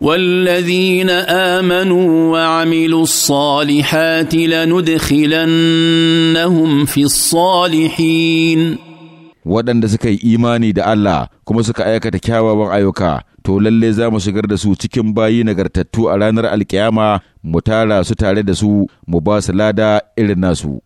والذين امنوا وعملوا الصالحات لندخلنهم في الصالحين waɗanda suka yi imani da Allah kuma suka aikata kyawawan ayyuka to lalle za mu shigar da su cikin bayi nagartattu a ranar alkiyama mu tara su tare da su mu ba su lada irin nasu